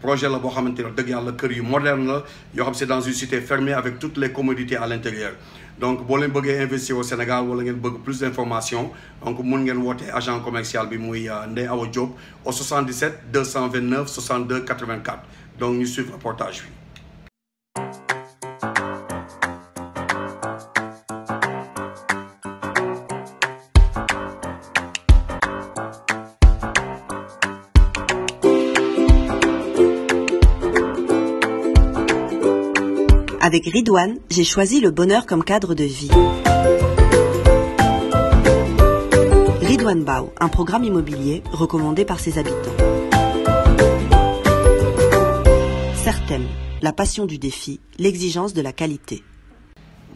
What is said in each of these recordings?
projet la boo xamante moderne la c'est dans une cité fermée avec toutes les commodités à l'intérieur donc si vous voulez investir au Sénégal wala ngeen plus d'informations donc pouvez voir agent commercial bi muy euh, Ndeye votre job au 77 229 62 84 donc nous suivons le reportage Avec Ridwan, j'ai choisi le bonheur comme cadre de vie. Ridouane Bao, un programme immobilier recommandé par ses habitants. Certaines, la passion du défi, l'exigence de la qualité.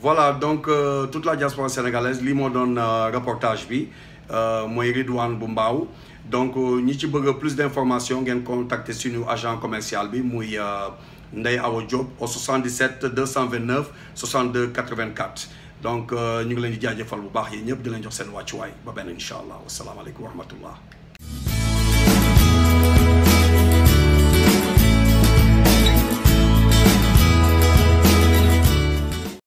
Voilà, donc euh, toute la diaspora sénégalaise, Limon donne euh, reportage bi euh, Moi, Ridouane Ridwan donc si plus d'informations vous contacter nous agent commercial bi nous sommes au 77 229 62 84 donc nous allons nous dire jaajëfal nous allons nous ñëpp di wa rahmatullah